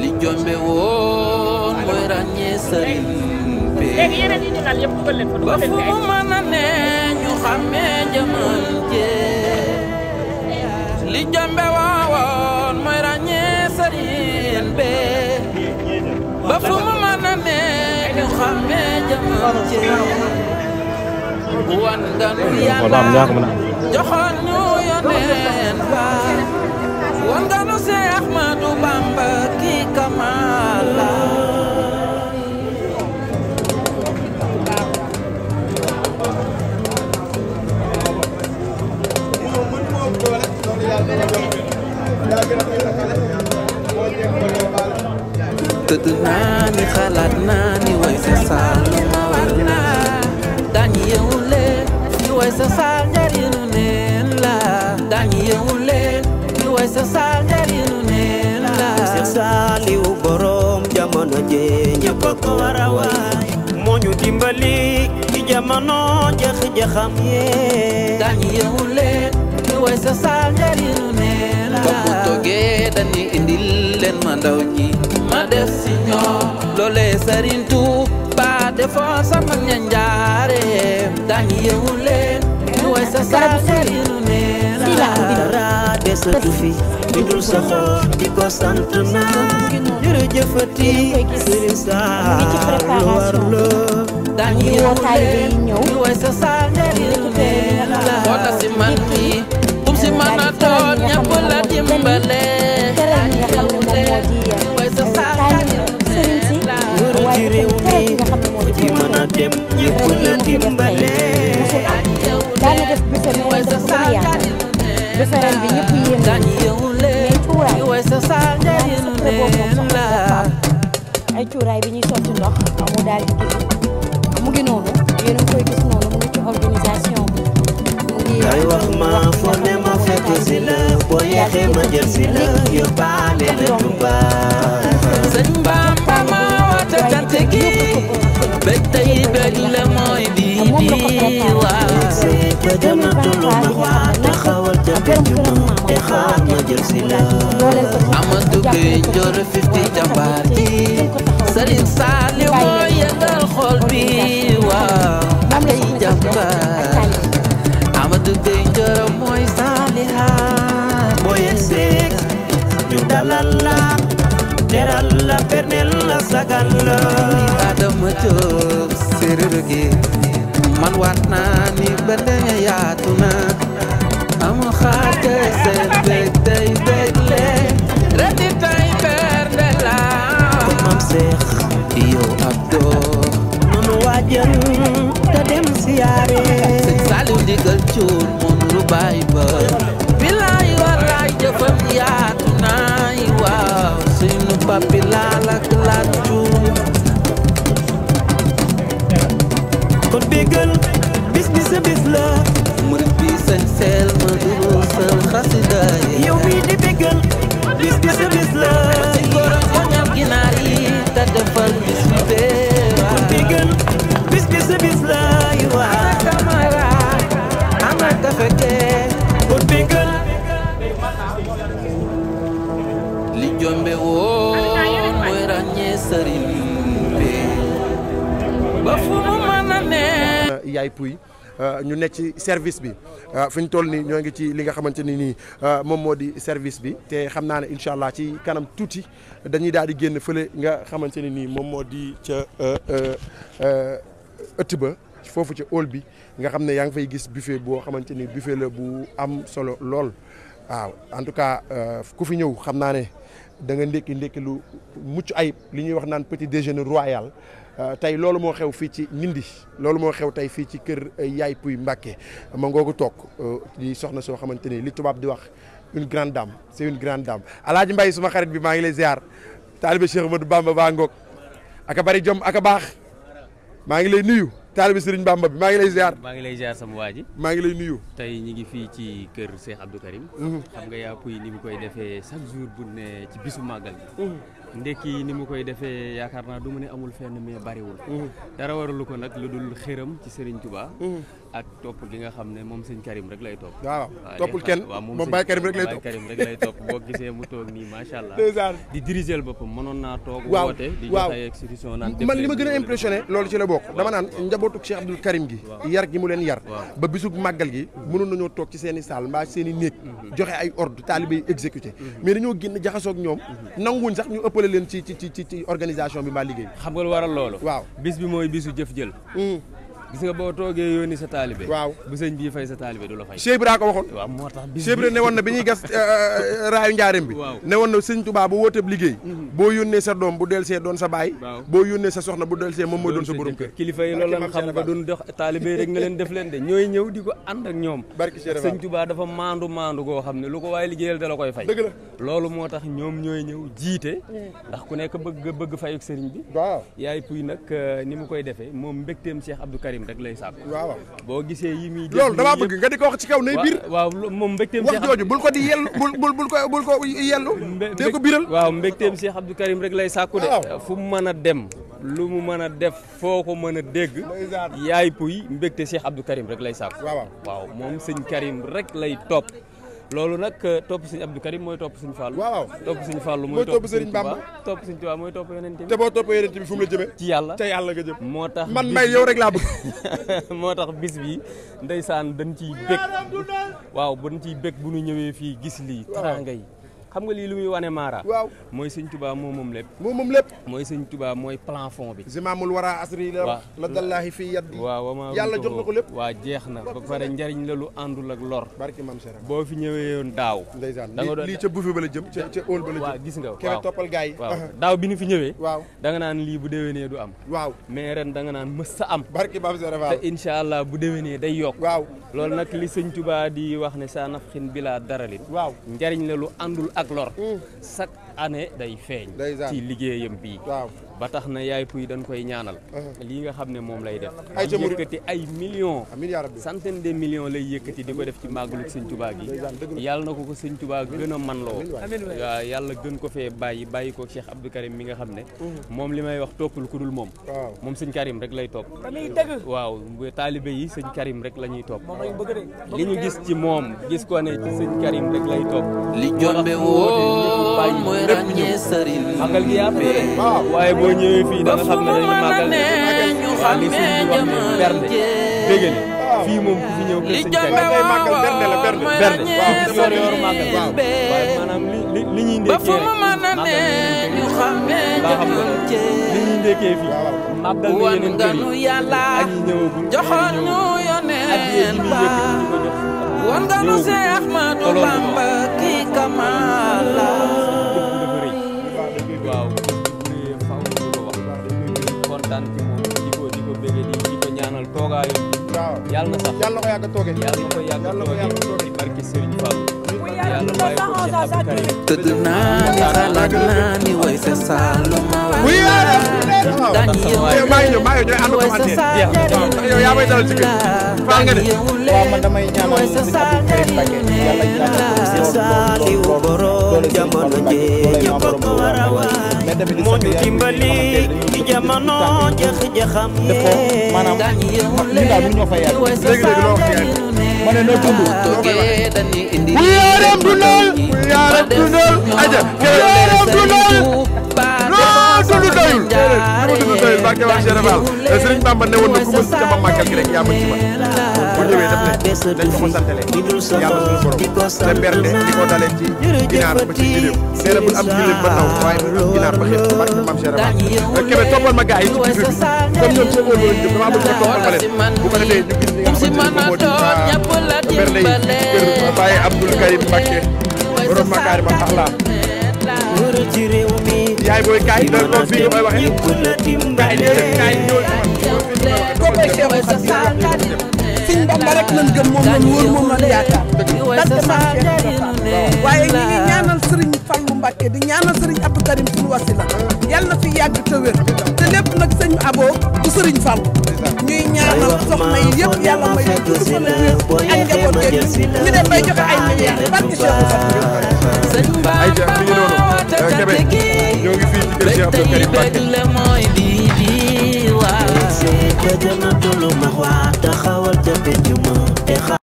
li jombe woon mooy ràññee sëriñ bi ba fu mu mën a ne ñu xàmmee jëmal jee li jombe woon mooy ràññee sëriñ ñu xàmmee jëmal jee wan nga se Ahmadou Bamba ki kamala tëdd naa ni xalaat naa ni way sa saal lu ma war naa daañ yeewu leen ni way sa saal njariñu neen la daañ yeewu leen ni way sa saal mujjee ñëpp a moo ñu dimbali ci jamono jax-jaxam yee daañu yeewu leen ñu way sa saal njariñu nee la ba bu toogee dañuy indil ma ndaw ma def si ñoom loolee sarintu ba defoo sama ña njaare yeewu leen ñu way sa saal njariñu nee dara desatu fi lu dul sa xol di ko sant na jërëjëfati sëriñ Saliou warlo dañu wootaay bi ñëw way sa sal wota si man mi um si man a toon ñëpp la dimbale teral ñi nga xam ne moom moo di way sa sal sëriñ si waaye teral ñi nga xam ne moo di mën a dem ñëpp la dimbale daana def bisam moom dafa gën a yaatu defaree bi ñëpp yéen a mais cuuraay ay cuuraay bi ñuy sotti ndox mu daal di mu ngi noonu yéen a koy gis noonu mu ngi organisation bi. wax ma foo ne ma fekk si la boo ma jël si la yóbbaale la Touba. sëñ Bamba ma wata cant gi béy tey bëri la mooy bii bii waaw. kuy jor fifty jàmbaar ji Serigne Saliou moo yëngal xol bi waaw akay jàmbaar Amadou Gueye Njoro mooy Saliha mooy seeg ñu dalal la teral la bernel la sagal la waat naa ni ba yaatu na amul xaar seen bëgg féex yow ak doo nunu waajal te dem siyaare sëñ Saliou ndigal cuur mënulu bàyyi ba bilaay walaay jëfam yaatu naay waaw suñu papi laal ak laaj cuur kon bégal bis bi sa bis la ma duru sal yow mii di bégal bis bi sa Ndiaye Pouy euh, ñu nekk ci service bi euh, fi ñu toll nii ñoo ngi ci li nga xamante ni nii euh, moom moo di service bi te xam naa ne incha allah ci kanam tuuti dañuy daal di génn fële nga xamante ni nii moom moo di ca ëtt ba foofu ca hall bi nga xam ne yaa ngi fay gis buffet boo xamante ni buffet la bu am solo lool waaw en tout cas ku fi ñëw xam naa ne. da nga ndékki ndékki lu mucc ayib li ñuy wax naan petit déjeuner royal euh, tey loolu moo xew fii ci nindi loolu moo xew tey fii ci kër ay euh, Yaay Puy Mbàkke ma ngoogu toog euh, di soxna soo xamante ni li tubaab di wax une grande dame c'est une grande dame alaaji Mbay suma xarit bi maa ngi lay ziar taalibe Cheikh Ahmadou Bamba baa ngoog aka bari jom aka baax maa ngi lay nuyu bi Serigne Bamba bi maa ngi lay ziar. maa ngi lay ziar sama waa ji. maa ngi lay nuyu. tey ñu ngi fii ci kër Cheikh Abdou Karim. Mhm. xam nga yaa puy ni mu koy defee chaque jour bu ne ci bisu màggal bi. Mhm. ndekki ni mu koy defee yaakaar naa du ma ne amul fenn mais bariwul. Mhm. dara waralu ko nag lu dul xëram ci Serigne Touba. ak topp gi nga xam ne moom sëñ Karim rek lay topp. waaw toppul kenn moom Baye Karim rek lay topp Karim rek topp boo gisee mu toog nii macha allah. di diriger boppam mënoon naa toog. woote di jox ay institution naan man li ma gën loolu ci la bokk. dama naan njabootu Cheikh Abdoul Karim gi. yar leen yar. ba bisub màggal gi. mënoon nañoo toog ci seen i salle mbaa seen i mhm. joxe ay ordre taalibe yi exécuté. Mhm. mais dañoo génn jaxasoo ñoom. Mhm. nanguwuñ sax ñu ëppale leen ci ci ci ci organisation bi mbaa liggéey. xam nga lu waral loolu. waaw bis bi mooy bisu jëf jël mm. gis nga boo toogee yónni sa taalibe waaw bu sëñ bii fay sa taalibe du la fay Cheikh ko waxoon waaw moo tax ne woon na bi ñuy gas euh, euh, raayu njaareem bi ne woon na sëñ Tuubaa bu wóoteeb liggéey mhm. boo yónnee sa doom bu del see doon sa baay boo ne sa soxna bu del see moom mooy doon sa borom kër kilifa yi loolu lan xam leen def leen de ñooy ñëw di ko ànd ak ñoom dafa maandu maandu goo xam ne lu ko waaye liggéeyal da koy fay loolu moo tax ñoom ñooy ñëw jiite mm. ndax ku nekk bëgg bëgg fayuk sëriñ bi yaay puy nag euh, ni mu koy defee moom mbégteem Cheikh Abdou Karim mbégteem rek lay sàkk waaw boo gisee yi muy loolu damaa bëgg nga di ko wax ci kaw nay biir waaw moom mbégteem wax jooju bul ko di yellu bul bul bul ko bul ko yellu te ko biral waaw mbégteem Cheikh Abdou Karim rek lay sàkku de fu mu mën a dem lu mu mën a def foo ko mën a dégg yaay puy mbégte Cheikh Abdou Karim rek lay sàkku waaw moom sëñ Karim rek lay topp loolu nag euh, topp sëñ Abdou Karim mooy topp sëñ Fallou waaw topp sëñ Fallou mooy topp sëñ Bamba topp sëñ Tuubaa mooy topp yeneen tamit te boo topp yeneen tamit fu mu la jëmee ci yàlla ca yàlla nga jëm moo tax man may yow rek laa bëgg moo tax bis bi ndeysaan dañ ciy bég waaw dañ ciy bég bu ñu ñëwee fii gis lii teraanga yi xam nga lii lu muy wane Mara. waaw mooy sëñ Tuubaa moo moom lépp. moo moom lépp. mooy sëñ Tuubaa mooy plafond bi. zimaamul wara asri la. waaw waaw yàlla jox na ko lépp. waa jeex na ba pare njariñ la lu àndul ak lor. barki maam boo fi ñëwee woon daaw. ndeysaan lii ca buufe ba la la jëm. waaw gis nga waaw kewe toppal gars yi. waaw waaw da nga naan lii bu déwénee du am. waaw mais ren da naan mës sa am. barki maam Cheikh waaw te incha allah bu déwénee day yokk. waaw loolu nag li sëñ Tuubaa di wax ne sa nafxin bilaa daralin. waaw njariñ la lu àndul ak lor mm. chaque année day feeñ ci liggéeyam bi ba tax na yaay puy dañ koy ñaanal uh-huh. lii nga xam ne moom lay def yëkkati ay millions ah, centaine de million lay yëkkati di ko def ci màggul sëñ Tuubaa gi yàlla na ko ko sëñ Tuubaa gën a man loo waaw yàlla gën ko fee bàyyi bàyyi ko Cheikh Abdou Karim mi nga xam ne uh-huh. moom li may wax toppul ku dul moom moom sëñ Karim rek lay topp waaw taalibe yi sëñ Karim rek la ñuy topp li ñu gis ci moom gis ko ne ci sëñ Karim rek lay topp li jombe woon mooy boo ñëwee fii ne dañu màggal li suñu wax ne bernde moom ku fi ñëw kër sëñ Thierno day màggal bernde la bernde bernde waaw ku yor yor màggal waaw waaye maanaam li li ñuy ndekkee rek màggal xam nga li ñuy ndekkee fii màggal na yeneen kër yi ak ñi ñëwagul ak ñi ñëwagul ak yéen ñi ñuy yëkkati ñu ko jox ñëwagul kontaan ci moom di ko di ko bëggee di di ko ñaanal toogaayam bi. waaw yàlla na sax ko yàgg a toogee. yàlla na ko yàgg a barke Serigne Fall. tëdd naa ni xalaat naa ni way sa saaluma way daan yeewu leen way sa saaliwu boroom jamono jee ñëpp ko war a waay moo ñu dimbali ci jamono jax jaxam yee daan yeewu leen way sa saaliwu ne bu toogee dañuy indi yaram du nool yaram du nool aja yaram du nool non ah, dundu doyul dundu doyul barke waa général eh, Serigne Bamba ne woon na ku mës sama màggal gi rek yaa ma ci man bu ñëwee def ne dañ ko ko santalee yàlla suñu borom te bernde li ko dalee ci ginaar ba ci gileem nee na bul am gileem ba naw waaye bul am ginaar ba xeet barke maam Cheikh Rama eh, Kébé toppal ma gars yi ci biir bi comme ñoom seen wóor yi dama bëgg nga toppal ma leen bu ko defee ñu gis li nga xamante ne moom moo di bernde yi kër Baye Abdoul Karim Mbacké borom makaari ma tax laa yaay booy kaay loolu moom fii nga koy waxee kaay ñëw kaay ñëw Sëriñ Bamba rek lañ gëm moom lañ wóor moom lañ yaakaar waaye ñu ñaanal Sëriñ Fallu Mbàkke di ñaanal Sëriñ Abdou Karim suñu wasila yàlla na fi yàgg te wér te lépp nag sëñ Abo du Sëriñ Fallu ñuy ñaanal soxna yi yëpp yàlla may leen tudd fan ak njaboot geeg ñu dem barke Cheikh Mbacke ay ba jëm na tullu ma waa taxawal ca picc ma